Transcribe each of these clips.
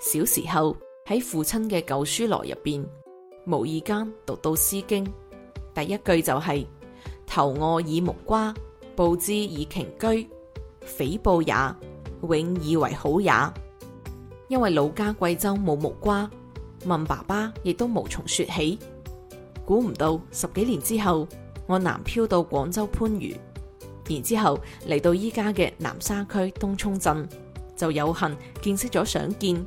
小時候喺父親嘅舊書籮入邊，無意間讀到《詩經》，第一句就係、是“投我以木瓜，報之以瓊琚，匪報也，永以為好也”。因為老家貴州冇木瓜，問爸爸亦都無從說起。估唔到十幾年之後，我南漂到廣州番禺，然之後嚟到依家嘅南沙區東涌鎮，就有幸見識咗想見.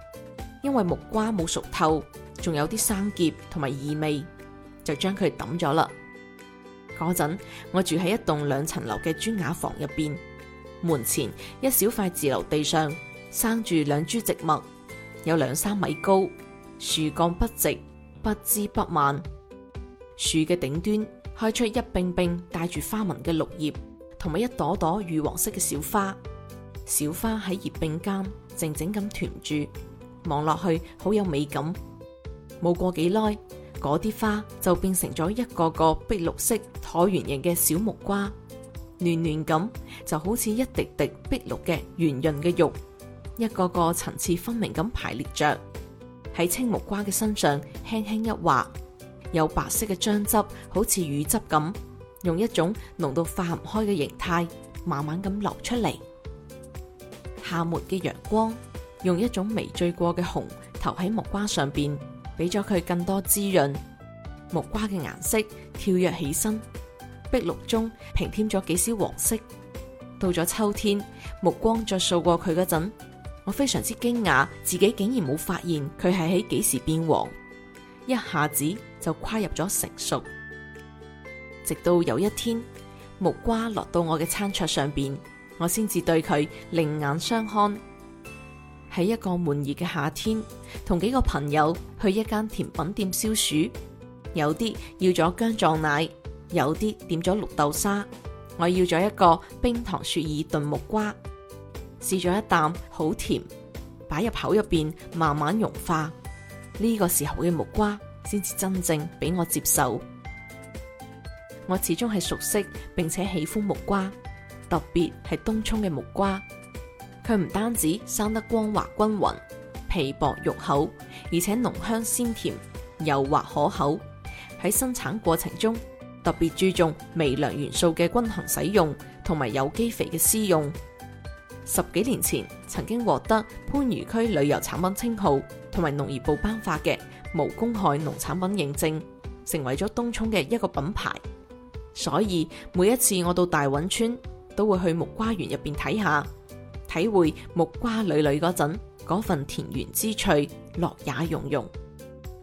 因為木瓜冇熟透，仲有啲生澀同埋異味，就將佢抌咗啦。嗰陣我住喺一棟兩層樓嘅磚瓦房入邊，門前一小塊自留地上生住兩株植物，有兩三米高，樹幹筆直，不枝不蔓，樹嘅頂端開出一柄柄帶住花紋嘅綠葉，同埋一朵朵乳黃色嘅小花，小花喺葉柄間靜靜咁團住。望落去好有美感，冇過幾耐，嗰啲花就變成咗一個個碧綠色橢圓形嘅小木瓜，嫩嫩咁就好似一滴滴碧綠嘅圓潤嘅玉，一個個層次分明咁排列着，喺青木瓜嘅身上輕輕一劃，有白色嘅漿汁好似乳汁咁，用一種濃到化唔開嘅形態慢慢咁流出嚟。夏末嘅陽光，用一種微醉過嘅紅投喺木瓜上邊，俾咗佢更多滋潤。木瓜嘅顏色跳躍起身，碧綠中平添咗幾絲黃色。到咗秋天，目光再掃過佢嗰陣，我非常之驚訝，自己竟然冇發現佢係喺幾時變黃，一下子就跨入咗成熟。直到有一天，木瓜落到我嘅餐桌上邊，我先至對佢另眼相看。喺一個悶熱嘅夏天，同幾個朋友去一間甜品店消暑。有啲要咗薑撞奶，有啲點咗綠豆沙，我要咗一個冰糖雪耳燉木瓜。試咗一啖，好甜，擺入口入邊慢慢融化。呢、這個時候嘅木瓜，先至真正俾我接受。我始終係熟悉並且喜歡木瓜，特別係東涌嘅木瓜。佢唔單止生得光滑均勻、皮薄肉厚，而且濃香鮮甜、幼滑可口。喺生產過程中，特別注重微量元素嘅均衡使用，同埋有機肥嘅施用。十幾年前，曾經獲得番禺區旅遊產品稱號，同埋農業部頒發嘅無公害農產品認證，成為咗東涌嘅一個品牌。所以每一次我到大穩村，都會去木瓜園入邊睇下。體會木瓜累累嗰陣，嗰份田園之趣，樂也融融。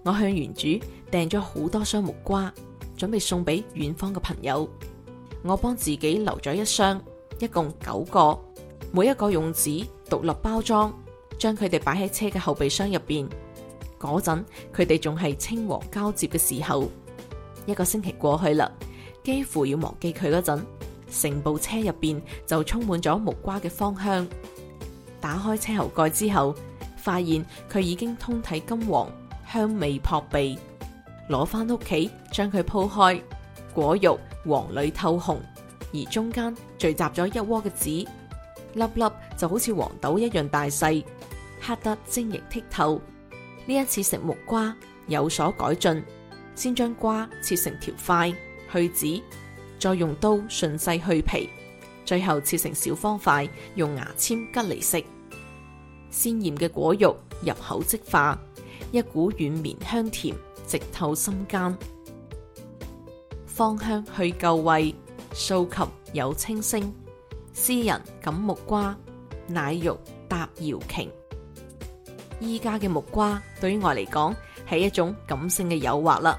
我向園主訂咗好多箱木瓜，準備送俾遠方嘅朋友。我幫自己留咗一箱，一共九個，每一個用紙獨立包裝，將佢哋擺喺車嘅後備箱入邊。嗰陣佢哋仲係青黃交接嘅時候，一個星期過去啦，幾乎要忘記佢嗰陣。成部車入邊就充滿咗木瓜嘅芳香。打開車後蓋之後，發現佢已經通體金黃，香味撲鼻。攞翻屋企，將佢剖開，果肉黃裏透紅，而中間聚集咗一窩嘅籽，粒粒就好似黃豆一樣大細，黑得晶瑩剔透。呢一次食木瓜有所改進，先將瓜切成條塊，去籽。再用刀順勢去皮，最後切成小方塊，用牙籤吉嚟食。鮮艷嘅果肉入口即化，一股軟綿香甜，直透心間。芳香去垢穢，素琴有清聲。詩人感木瓜，乃欲答瑤瓊。依家嘅木瓜對於我嚟講，係一種感性嘅誘惑啦。